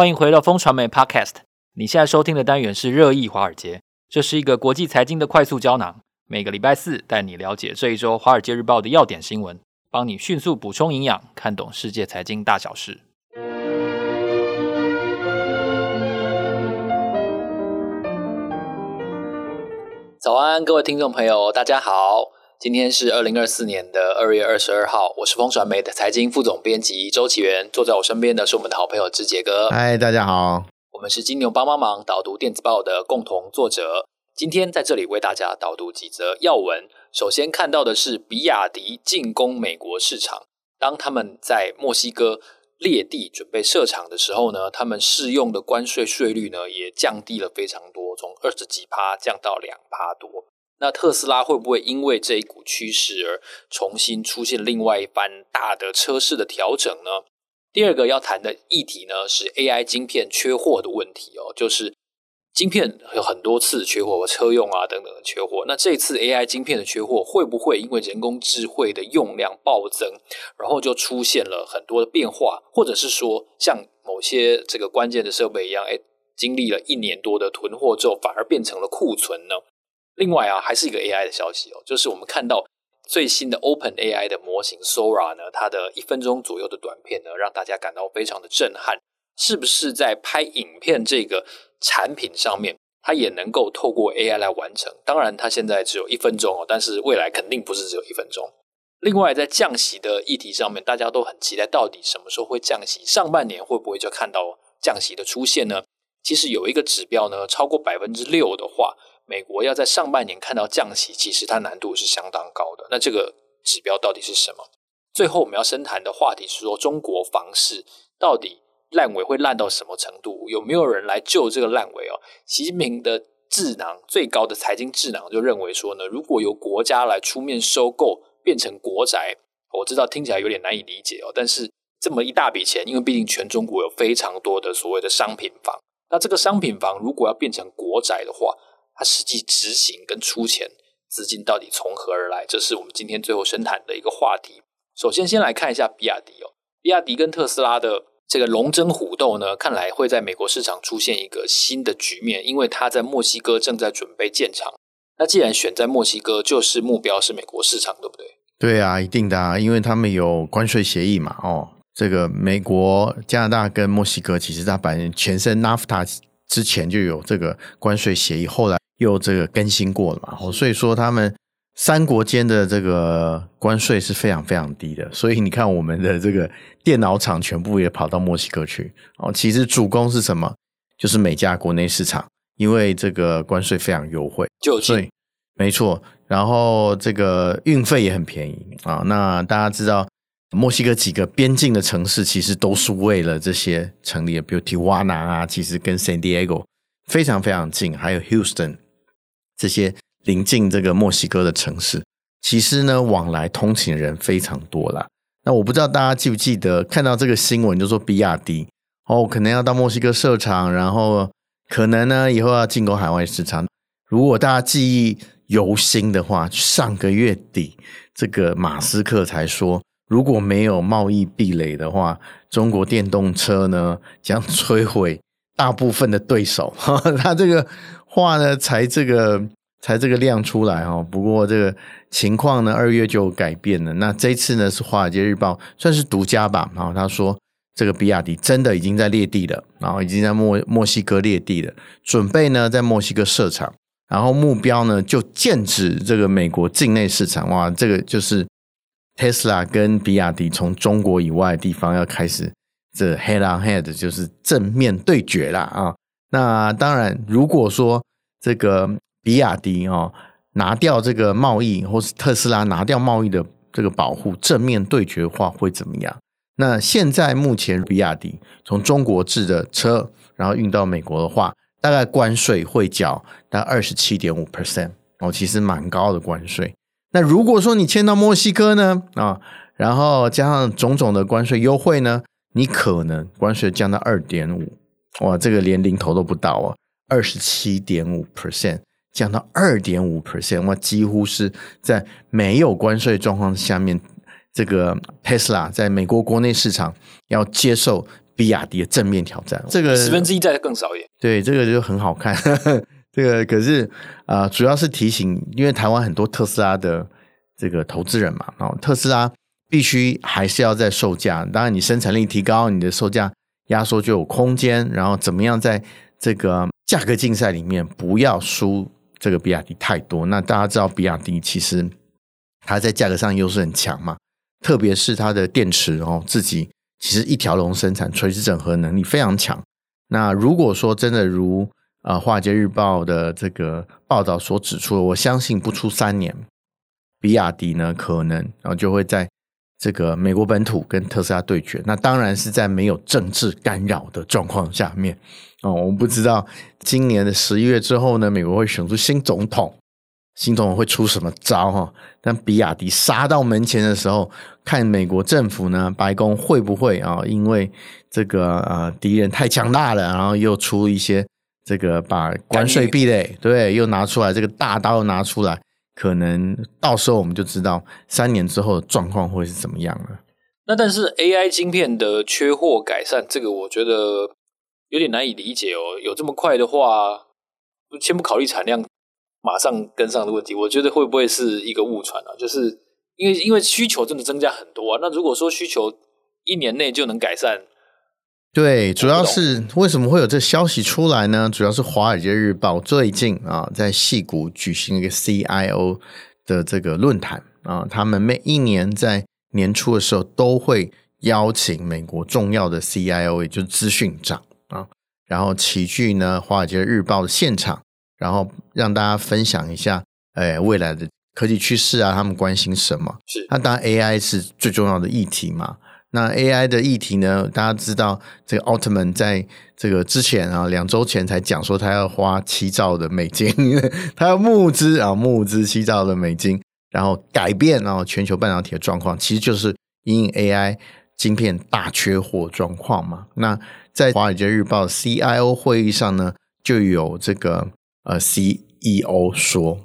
歡迎回到風傳媒 Podcast。你現在收聽的單元是熱議華爾街，這是一個國際財經的快速膠囊。每個禮拜四帶你了解這一周《華爾街日報》的要點新聞，幫你迅速補充營養，看懂世界財經大小事。早安，各位聽眾朋友，大家好。今天是二零二四年的二月二十二號，我是風傳媒的財經副總編輯周岐原，坐在我身邊的是我們的好朋友之杰哥。嗨，大家好，我們是金牛幫幫忙，忙導讀電子報的共同作者，今天在這裡為大家導讀幾則要聞。首先看到的是比亞迪進攻美國市場，當他們在墨西哥獵地準備設廠的時候呢，他們適用的關稅稅率呢也降低了非常多，從二十幾趴降到兩趴多。那特斯拉會不會因為這一股趨勢而重新出現另外一番大的車市的調整呢？第二個要談的議題呢是 AI 晶片缺貨的問題哦，就是晶片有很多次缺貨，車用啊等等的缺貨。那這次 AI 晶片的缺貨會不會因為人工智慧的用量暴增，然後就出現了很多的變化，或者是說像某些這個關鍵的設備一樣，哎，經歷了一年多的囤貨之後，反而變成了庫存呢？另外啊，還是一個 AI 的消息哦，就是我們看到最新的 OpenAI 的模型 Sora 呢，它的一分鐘左右的短片呢，讓大家感到非常的震撼。是不是在拍影片這個產品上面，它也能夠透過 AI 來完成？當然，它現在只有一分鐘哦，但是未來肯定不是只有一分鐘。另外，在降息的議題上面，大家都很期待，到底什麼時候會降息，上半年會不會就看到降息的出現呢？其實有一個指標呢，超過百分之六的話。美國要在上半年看到降息，其實它難度是相當高的。那這個指標到底是什麼？最後我們要深談的話題是說，中國房市到底爛尾會爛到什麼程度？有沒有人來救這個爛尾哦？習近平的智囊，最高的財經智囊就認為說呢，如果由國家來出面收購，變成國宅，我知道聽起來有點難以理解哦。但是這麼一大筆錢，因為畢竟全中國有非常多的所謂的商品房，那這個商品房如果要變成國宅的話，它實際執行跟出錢資金到底從何而來？這是我們今天最後深談的一個話題。首先，先來看一下比亞迪哦。比亞迪跟特斯拉的這個龍爭虎鬥呢，看來會在美國市場出現一個新的局面，因為它在墨西哥正在準備建廠。那既然選在墨西哥，就是目標是美國市場，對不對？對啊，一定的，啊，因為他們有關稅協議嘛。哦，這個美國、加拿大跟墨西哥大，其實在百年前身 NAFTA 之前就有這個關稅協議，後來。又這個更新過了嘛。哦，所以說他們三國間的這個關稅是非常非常低的，所以你看我們的這個電腦廠全部也跑到墨西哥去哦。其實主攻是什麼？就是美加國內市場，因為這個關稅非常優惠，就近沒錯。然後這個運費也很便宜啊。那大家知道墨西哥幾個邊境的城市其實都是為了這些城裡的，比如 Tijuana 啊，其實跟 San Diego 非常非常近，還有 Houston。這些臨近這個墨西哥的城市，其實呢，往來通勤人非常多啦。那我不知道大家記不記得，看到這個新聞，就是說比亞迪哦，可能要到墨西哥設廠，然後可能呢以後要進攻海外市場。如果大家記憶猶新的話，上個月底這個馬斯克才說，如果沒有貿易壁壘的話，中國電動車呢將摧毀大部分的對手。呵呵，他這個。話呢才這個才這個量出來哦。不過這個情況呢二月就改變了。那這次呢是華爾街日報算是獨家吧，然、哦、後他說這個比亞迪真的已經在獵地了，然後已經在墨墨西哥獵地了，準備呢在墨西哥設廠，然後目標呢就劍指這個美國境內市場。哇，這個就是特斯拉跟比亞迪從中國以外的地方要開始這 head on head 的就是正面對決啦。啊、哦！那當然，如果說這個比亞迪哦拿掉這個貿易，或是特斯拉拿掉貿易的這個保護，正面對決的話會怎麼樣？那現在目前比亞迪從中國製的車，然後運到美國的話，大概關稅會繳大概二十七點五 percent 哦，其實蠻高的關稅。那如果說你遷到墨西哥呢啊，然後加上種種的關稅優惠呢，你可能關稅降到二點五。哇，這個連零頭都不到啊、哦，二十七點五 percent 降到二點五 percent，哇，幾乎是在沒有關稅狀況下面，這個 Tesla 在美國國內市場要接受比亞迪的正面挑戰。這個十分之一再更少也。對，這個就很好看。呵呵，這個可是啊、呃，主要是提醒，因為台灣很多特斯拉的這個投資人嘛，哦，特斯拉必須還是要在售價，當然你生產力提高，你的售價。壓縮就有空間，然後怎麼樣在這個價格競賽裡面不要輸這個比亞迪太多？那大家知道比亞迪其實它在價格上優勢很強嘛，特別是它的電池哦，自己其實一條龍生產，垂直整合能力非常強。那如果說真的如呃《華爾街日報》的這個報道所指出，我相信不出三年，比亞迪呢可能然後就會在。這個美國本土跟特斯拉對決，那當然是在沒有政治干擾的狀況下面啊、哦。我們不知道今年的十一月之後呢，美國會選出新總統，新總統會出什麼招哈？但比亞迪殺到門前的時候，看美國政府呢，白宮會不會啊、哦？因為這個呃敵人太強大了，然後又出一些這個把關稅壁壘，對，又拿出來，這個大刀拿出來。可能到時候我們就知道三年之後的狀況會是怎麼樣了。那但是 AI 晶片的缺貨改善，這個我覺得有點難以理解哦。有這麼快的話，先不考慮產量，馬上跟上的問題，我覺得會不會是一個誤傳啊？就是因為因為需求真的增加很多啊。那如果說需求一年內就能改善，對，主要是為什麼會有這個消息出來呢？主要是《華爾街日報》最近啊，在矽谷舉行一個 CIO 的這個論壇啊，他們每一年在年初的時候都會邀請美國重要的 CIO，也就是資訊長啊，然後齊聚呢《華爾街日報》的現場，然後讓大家分享一下，誒，哎，未來的科技趨勢啊，他們關心什麼？是。那當然 AI 是最重要的議題嘛。那 AI 的議題呢？大家知道，這個奧特曼在這個之前啊，兩周前才講說他要花七兆的美金，因為他要募資啊，募資七兆的美金，然後改變啊全球半導體的狀況，其實就是因 AI 晶片大缺貨狀況嘛。那在華爾街日報 CIO 會議上呢，就有這個呃 CEO 說，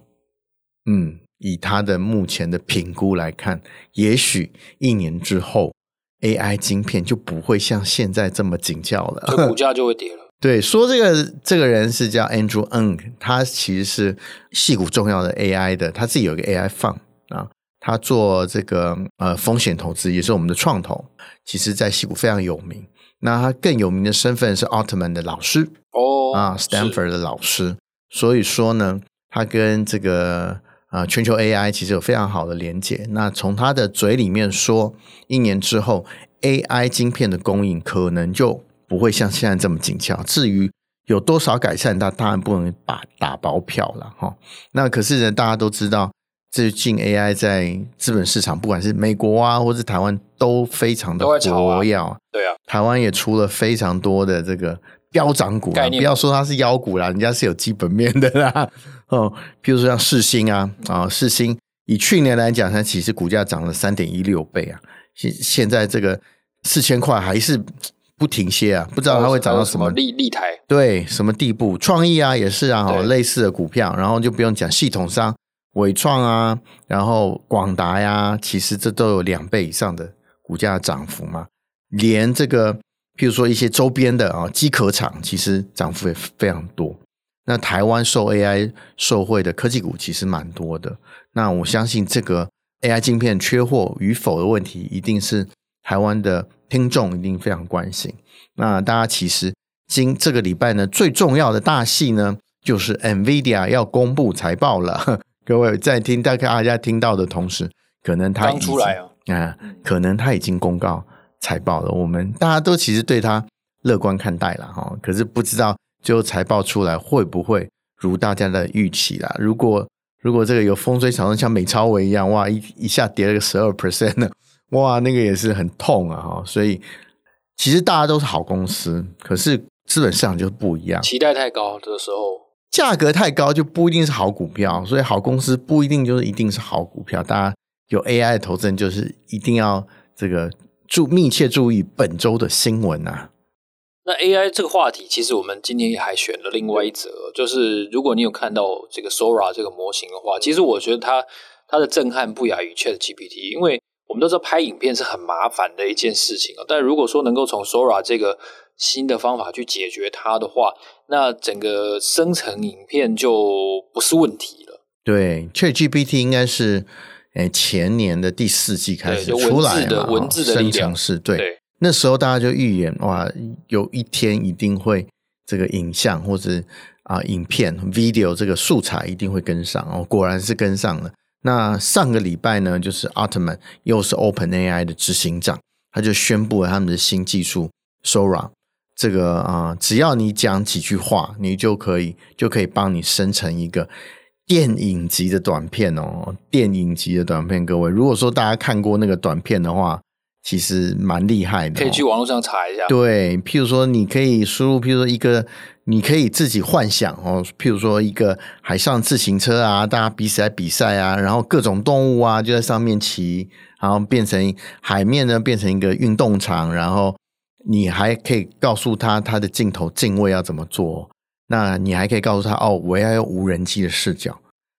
嗯，以他的目前的評估來看，也許一年之後。A I 晶片就不會像現在這麼緊俏了，股價就會跌了。 對，說這個這個人是叫 Andrew Ng，他其實是矽谷重要的 A I 的，他自己有一個 A I fund 啊，他做這個呃風險投資，也是我們的創投，其實在矽谷非常有名。那他更有名的身份是奧特曼的老師哦，oh, 啊，Stanford 的老師。所以說呢，他跟這個。啊、呃，全球 AI 其實有非常好的連接。那從他的嘴裡面說，一年之後 AI 晶片的供應可能就不會像現在這麼緊俏。至於有多少改善，他當然不能把打包票了哈。那可是呢，大家都知道，最近 AI 在資本市場，不管是美國啊，或是台灣，都非常的活躍、啊啊。對啊，台灣也出了非常多的這個。飆漲股，不要說它是妖股啦，人家是有基本面的啦。哦，譬如說像世芯啊，啊、哦，世芯以去年來講，它其實股價漲了三點一六倍啊，現現在這個四千塊還是不停歇啊，不知道它會漲到什麼立立台？對，什麼地步？創意啊，也是啊、哦，類似的股票，然後就不用講系統商，緯創啊，然後廣達呀，其實這都有兩倍以上的股價漲幅嘛，連這個。譬如說一些周邊的啊，機殼廠，其實漲幅也非常多。那台灣受 AI 受惠的科技股其實蠻多的。那我相信這個 AI 晶片缺貨與否的問題，一定是台灣的聽眾一定非常關心。那大家其實今這個禮拜呢，最重要的大戲呢，就是 NVIDIA 要公布財報了。各位在聽，大概大家聽到的同時，可能它剛出來啊、嗯，可能它已經公告財報了，我們大家都其實對它樂觀看待了哈，可是不知道最後財報出來會不會如大家的預期啦？如果如果這個有風吹草動，像美超微一樣，哇，一一下跌了個十二 percent 呢，哇，那個也是很痛啊，所以其實大家都是好公司，可是資本市場就是不一樣，期待太高的、這個、時候，價格太高就不一定是好股票，所以好公司不一定就是一定是好股票。大家有 AI 的投資就是一定要這個。注密切注意本週的新聞啊！那 AI 這個話題，其實我們今天也還選了另外一則，就是如果你有看到這個 Sora 這個模型的話，其實我覺得它它的震撼不亞於 Chat GPT，因為我們都知道拍影片是很麻煩的一件事情啊。但如果說能夠從 Sora 這個新的方法去解決它的話，那整個生成影片就不是問題了。對，Chat GPT 應該是前年的第四季開始出來，的文字的,文字的生成式，對，那時候大家就預言，哇，有一天一定會這個影像或者啊、呃、影片 video 這個素材一定會跟上哦，果然是跟上了。那上個禮拜呢，就是 Altman 又是 OpenAI 的執行長，他就宣布了他們的新技術 Sora，這個啊、呃，只要你講幾句話，你就可以就可以幫你生成一個。電影級的短片哦，電影級的短片，各位，如果說大家看過那個短片的話，其實蠻厲害的哦，可以去網絡上查一下。對，譬如說，你可以輸入，譬如說一個，你可以自己幻想哦，譬如說一個海上自行車啊，大家比賽比賽啊，然後各種動物啊就在上面騎，然後變成海面呢變成一個運動場，然後你還可以告訴他他的鏡頭、鏡位要怎麼做。那你還可以告訴他哦，我要用無人機的視角，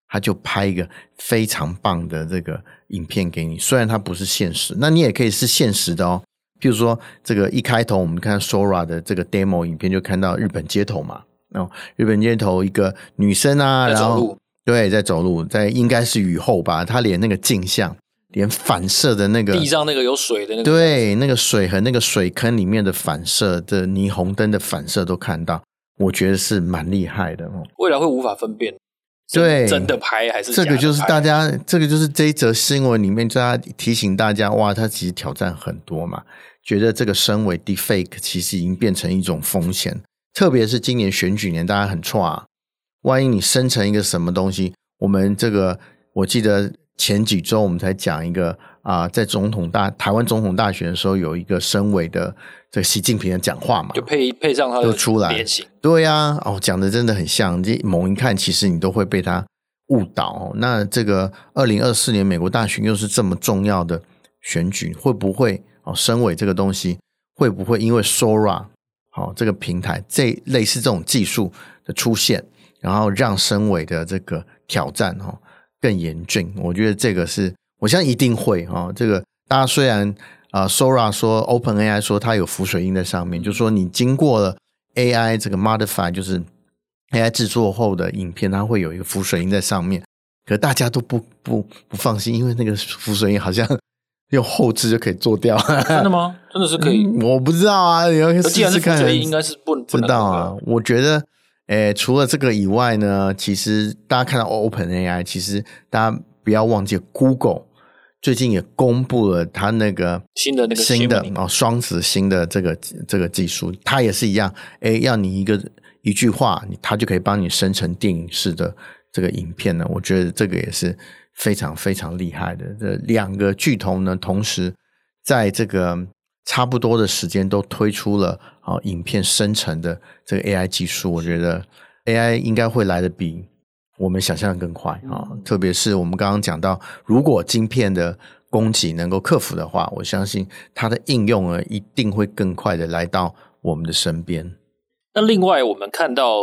他就拍一個非常棒的這個影片給你。雖然它不是現實，那你也可以是現實的哦。譬如說，這個一開頭我們看 Sora 的這個 demo 影片，就看到日本街頭嘛，哦，日本街頭一個女生啊，在走路，然後，對，在走路，在應該是雨後吧，她連那個鏡像，連反射的那個地上那個有水的那個，對，那個水和那個水坑裡面的反射的霓虹燈的反射都看到。我覺得是蠻厲害的哦、嗯，未來會無法分辨，對真的拍還是拍？這個就是大家，這個就是這一則新聞裡面，大家提醒大家，哇，它其實挑戰很多嘛，覺得這個深偽 deepfake，其實已經變成一種風險，特別是今年選舉年，大家很挫、啊，萬一你生成一個什麼東西，我們這個我記得。前幾週我們才講一個啊、呃，在總統大台灣總統大選的時候，有一個深偽的這個習近平的講話嘛，就配配上他的。出來，對呀、啊，哦，講的真的很像，這猛一看其實你都會被他誤導。那這個二零二四年美國大選又是這麼重要的選舉，會不會哦，深偽這個東西會不會因為 Sora 好、哦、這個平台這類似這種技術的出現，然後讓深偽的這個挑戰哦？更嚴峻，我覺得這個是，我相信一定會啊、哦。這個大家雖然啊、呃、，Sora 說，Open AI 說它有浮水印在上面，就是、說你經過了 AI 這個 modify，就是 AI 製作後的影片，它會有一個浮水印在上面。可是大家都不不不放心，因為那個浮水印好像用後製就可以做掉。真的嗎？真的是可以？嗯、我不知道啊，你要試試看。應該是不能，不知道啊？我覺得。誒，除了這個以外呢，其實大家看到 OpenAI，其實大家不要忘記 Google 最近也公布了它那個新的，新的那個新的哦，雙子星的這個這個技術，它也是一樣，誒，要你一個一句話，它就可以幫你生成電影式的這個影片呢。我覺得這個也是非常非常厲害的，這兩個巨頭呢，同時在這個。差不多的時間都推出了啊、哦，影片生成的這個 AI 技術，我覺得 AI 應該會來得比我們想象的更快啊、哦嗯。特別是我們剛剛講到，如果晶片的供給能夠克服的話，我相信它的應用呢一定會更快的來到我們的身邊。那另外，我們看到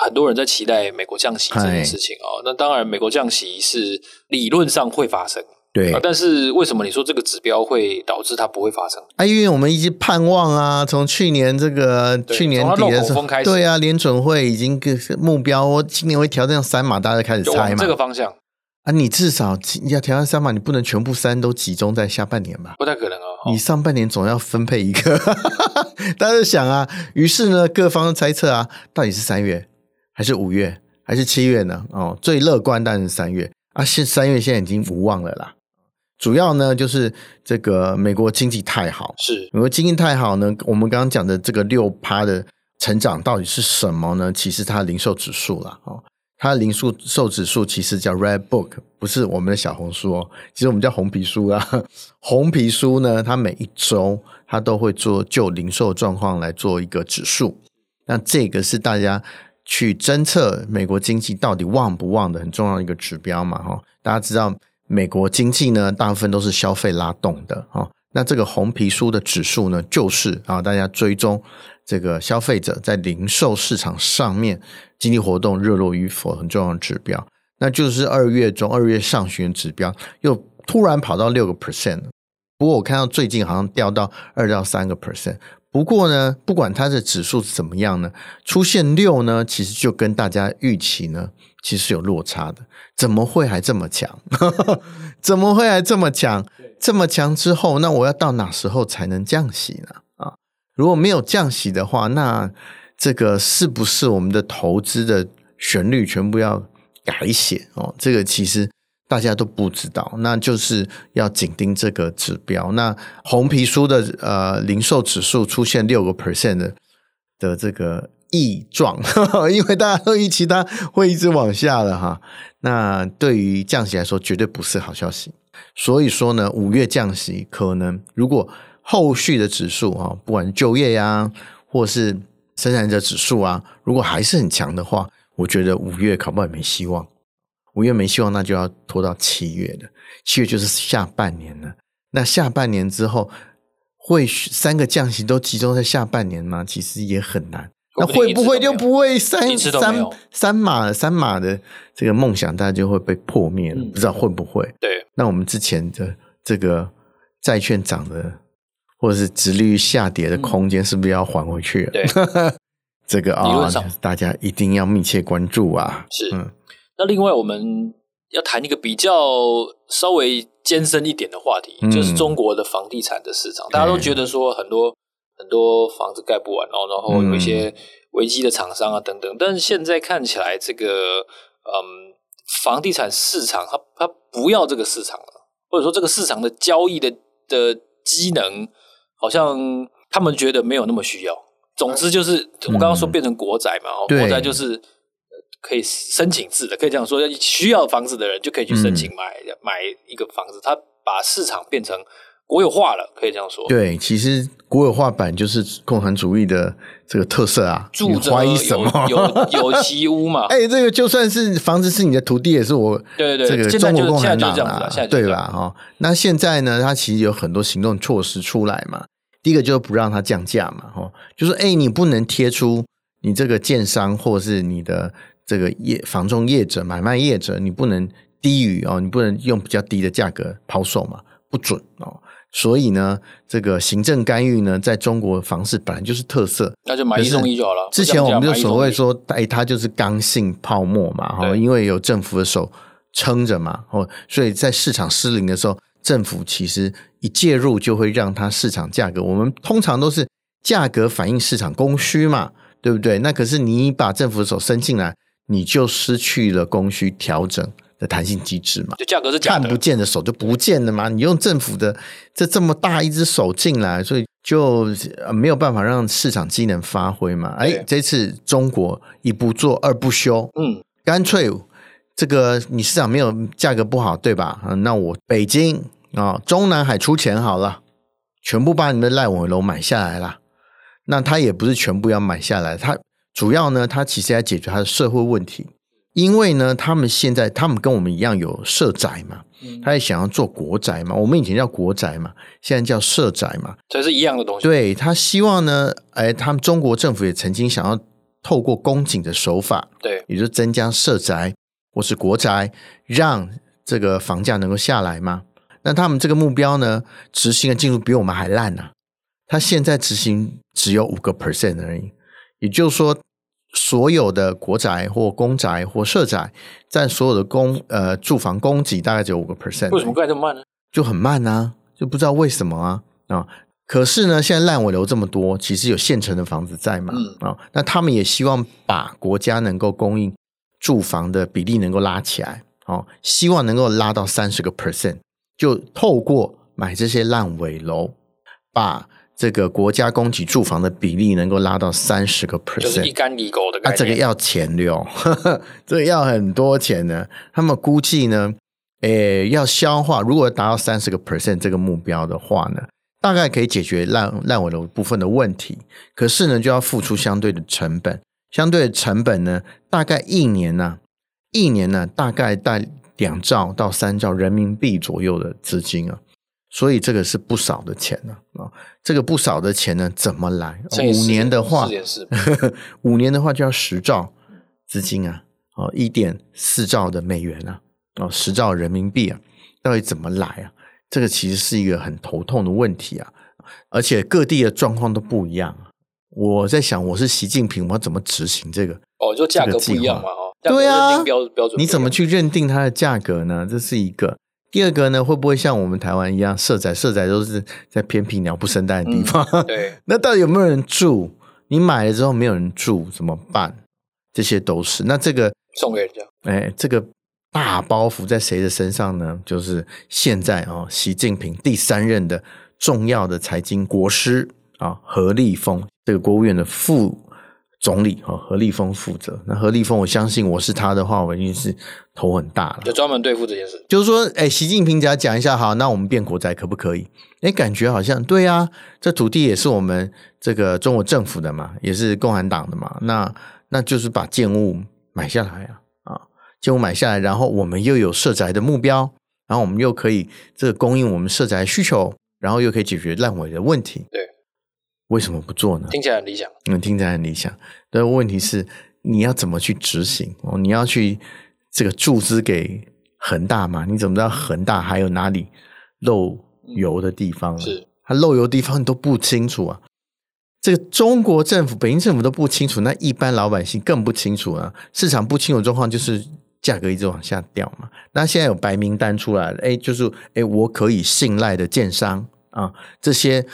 很多人在期待美國降息這件事情啊、哦，那當然，美國降息是理論上會發生。對、啊，但是為什麼你說這個指標會導致它不會發生？啊，因為我們一直盼望啊，從去年這個去年底的時候，對啊，聯準會已經個目標，我今年會調這樣三碼，大家就開始猜嘛，這個方向啊，你至少你要調到三碼，你不能全部三都集中在下半年吧？不太可能哦，你、哦、上半年總要分配一個。哈哈哈。大家想啊，於是呢，各方的猜測啊，到底是三月還是五月還是七月呢？哦，最樂觀當然是三月啊，現三月現在已經無望了啦。主要呢，就是這個美國經濟太好，是美國經濟太好呢。我們剛剛講的這個六趴的成長，到底是什麼呢？其實它零售指數啦，哦，它的零售售指數其實叫 Red Book，不是我們的小紅書哦，其實我們叫紅皮書啊。紅皮書呢，它每一周它都會做就零售狀況來做一個指數，那這個是大家去偵測美國經濟到底旺不旺的很重要一個指標嘛。哈，大家知道。美國經濟呢，大部分都是消費拉動的啊。那這個紅皮書的指數呢，就是啊，大家追蹤這個消費者在零售市場上面經濟活動熱絡與否很重要的指標。那就是二月中、二月上旬指標，又突然跑到六個 percent。不過我看到最近好像掉到二到三個 percent。不過呢，不管它的指數是怎麼樣呢，出現六呢，其實就跟大家預期呢。其實有落差的，怎麼會還這麼強？ 怎麼會還這麼強？這麼強之後，那我要到哪時候才能降息呢？啊，如果沒有降息的話，那這個是不是我們的投資的旋律全部要改寫哦？這個其實大家都不知道，那就是要緊盯這個指標。那紅皮書的呃零售指數出現六個 percent 的的這個。異狀，因為大家都預期它會一直往下了哈。那對於降息來說，絕對不是好消息。所以說呢，五月降息可能，如果後續的指數啊，不管是就業呀、啊，或是生產者指數啊，如果還是很強的話，我覺得五月恐怕也沒希望。五月沒希望，那就要拖到七月了。七月就是下半年了。那下半年之後，會三個降息都集中在下半年嗎？其實也很難。那會不會就不會三三三馬三馬的這個夢想，大家就會被破滅了、嗯？不知道會不會？對，那我們之前的這個債券漲的或者是殖利率下跌的空間，是不是要還回去了？對、嗯， 這個啊、理論上、哦，大家一定要密切關注啊。是，嗯、那另外，我們要談一個比較稍微艱深一點的話題、嗯，就是中國的房地產的市場。大家都覺得說很多。很多房子蓋不完，然後然後有一些危機的廠商啊等等，嗯、但是現在看起來，這個嗯房地產市場它，它它不要這個市場了，或者說這個市場的交易的的機能，好像他們覺得沒有那麼需要。總之就是，我剛剛說變成國宅嘛，嗯、國宅就是可以申請制的，可以這樣說，需要房子的人就可以去申請買，嗯、買一個房子，他把市場變成。國有化了，可以這樣說。對，其實國有化版就是共產主義的這個特色啊。你懷疑什麼？有有，有其屋嘛？哎、 欸，這個就算是房子是你的土地，也是我。對對對，這個中國共產黨啊，對吧？哈、哦，那現在呢，它其實有很多行動措施出來嘛。第一個就是不讓它降價嘛，哈、哦，就是哎、欸，你不能貼出你這個建商或是你的這個業房中業者買賣業者，你不能低於哦，你不能用比較低的價格拋售嘛，不准哦。所以呢，這個行政干預呢，在中國房市，本來就是特色。那就買一送一就好了。之前我們就所謂說，哎、欸，它就是剛性泡沫嘛，哈，因為有政府的手撐着嘛，哦，所以在市場失靈的時候，政府其實一介入就會讓它市場價格。我們通常都是價格反映市場供需嘛，對不對？那可是你把政府的手伸進來，你就失去了供需調整的彈性機制嘛，就價格是看不見的手就不見了嘛。你用政府的這這麼大一隻手進來，所以就沒有辦法讓市場機能發揮嘛。哎，這次中國一不做二不休，嗯，乾脆這個你市場沒有價格不好對吧？嗯，那我北京啊中南海出錢好了，全部把你們的爛尾樓買下來了。那他也不是全部要買下來，他主要呢，他其實要解決他的社會問題。因為呢，他們現在他們跟我們一樣有社宅嘛、嗯，他也想要做國宅嘛。我們以前叫國宅嘛，現在叫社宅嘛，這是一樣的東西。對，他希望呢，哎，他們中國政府也曾經想要透過供給的手法，對，也就是增加社宅或是國宅，讓這個房價能夠下來嘛。那他們這個目標呢，執行的進度比我們還爛呢、啊。他現在執行只有五個 percent 而已，也就是說。所有的國宅或公宅或社宅佔所有的公呃住房供給大概只有五個 percent，為什麼蓋這麼慢呢、啊？就很慢啊，就不知道為什麼啊啊、哦！可是呢，現在爛尾樓這麼多，其實有現成的房子在嘛啊、嗯哦，那他們也希望把國家能夠供應住房的比例能夠拉起來啊、哦，希望能夠拉到三十個 percent，就透過買這些爛尾樓把。這個國家供給住房的比例能夠拉到三十個 percent，啊，這個要錢的哦呵呵，這個要很多錢呢。他們估計呢，誒、欸，要消化，如果達到三十個 percent 這個目標的話呢，大概可以解決爛爛尾樓部分的問題。可是呢，就要付出相對的成本，相對的成本呢，大概一年呢、啊，一年呢、啊，大概帶兩兆到三兆人民幣左右的資金啊。所以這個是不少的錢呢啊，這個不少的錢呢，怎麼來？五年的話，五 年的話就要十兆資金啊，哦，一點四兆的美元啊，哦，十兆人民幣啊，到底怎麼來啊？這個其實是一個很頭痛的問題啊，而且各地的狀況都不一樣啊。我在想，我是習近平，我怎麼執行這個？哦，就價格不一樣嘛，哦、這個，對啊，標準標準，你怎麼去認定它的價格呢？這是一個。第二個呢，會不會像我們台灣一樣，社宅社宅，都是在偏僻鳥不生蛋的地方？嗯、對， 那到底有沒有人住？你買了之後沒有人住怎麼辦？這些都是。那這個送給人家？哎、欸，這個大包袱在誰的身上呢？就是現在哦，習近平第三任的重要的財經國師啊、哦，何立峰，這個國務院的副總理哈何立峰負責，那何立峰，我相信我是他的話，我已經是頭很大了。就專門對付這件事，就是說，哎、欸，習近平講講一下好，那我們變國宅可不可以？哎、欸，感覺好像對啊，這土地也是我們這個中國政府的嘛，也是共產黨的嘛，那那就是把建物買下來啊，啊，建物買下來，然後我們又有社宅的目標，然後我們又可以這個供應我們社宅需求，然後又可以解決爛尾的問題，對。為什麼不做呢？聽起來很理想，嗯，聽起來很理想。但問題是，你要怎麼去執行？哦，你要去這個注資給恆大嘛？你怎麼知道恆大還有哪裡漏油的地方，嗯？是，它漏油的地方你都不清楚啊。這個中國政府、北京政府都不清楚，那一般老百姓更不清楚啊。市場不清楚狀況，就是價格一直往下掉嘛。那現在有白名單出來了，欸、就是哎、欸，我可以信賴的建商啊，嗯，這些。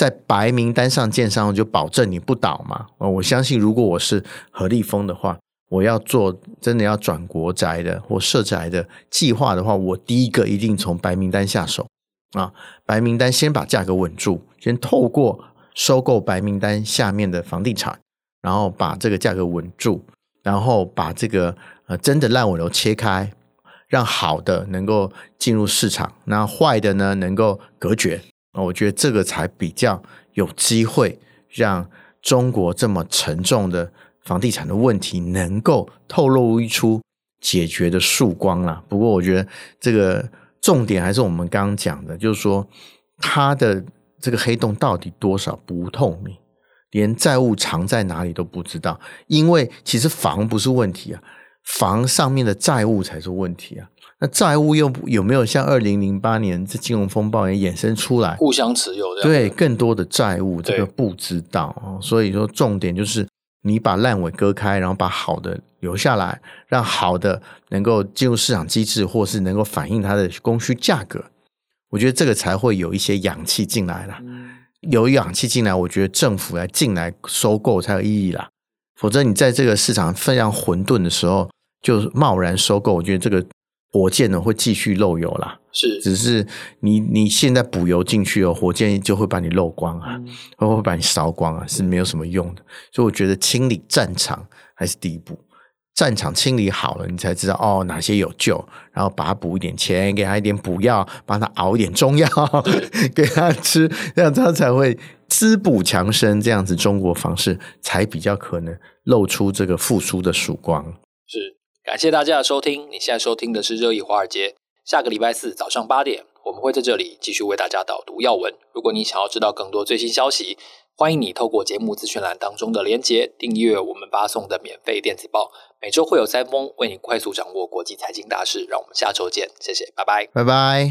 在白名單上建商，我就保證你不倒嘛。呃，我相信，如果我是何立峰的話，我要做真的要轉國宅的或社宅的計劃的話，我第一個一定從白名單下手啊。白名單先把價格穩住，先透過收購白名單下面的房地產，然後把這個價格穩住，然後把這個呃真的爛尾樓切開，讓好的能夠進入市場，那壞的呢能夠隔絕。我覺得這個才比較有機會讓中國這麼沉重的房地產的問題能夠透露一出解決的曙光了。不過，我覺得這個重點還是我們剛剛講的，就是說它的這個黑洞到底多少不透明，連債務藏在哪裡都不知道。因為其實房不是問題啊。房上面的債務才是問題啊，那債務又有沒有像二零零八年這金融風暴也衍生出來，互相持有的，對，更多的債務這個不知道，哦，所以說重點就是你把爛尾割開，然後把好的留下來，讓好的能夠進入市場機制，或是能夠反映它的供需價格，我覺得這個才會有一些氧氣進來了，有氧氣進來，我覺得政府來進來收購才有意義啦。否則，你在這個市場非常混沌的時候，就貿然收購，我覺得這個火箭呢會繼續漏油啦。是，只是你你現在補油進去哦，火箭就會把你漏光啊，嗯、會不會把你燒光啊，是沒有什麼用的。所以，我覺得清理戰場還是第一步。戰場清理好了，你才知道哦，哪些有救，然後把他補一點錢，給他一點補藥，幫他熬一點中藥給他吃,這樣他才會滋補強身，這樣子中國房市才比較可能露出這個復甦的曙光。是，感謝大家的收聽。你現在收聽的是《熱議華爾街》，下個禮拜四早上八點，我們會在這裡繼續為大家導讀要聞。如果你想要知道更多最新消息，歡迎你透過節目資訊欄當中的連結，訂閱我們發送的免費電子報，每周會有三封，為你快速掌握國際財經大事。讓我們下周見，謝謝，拜拜，拜拜。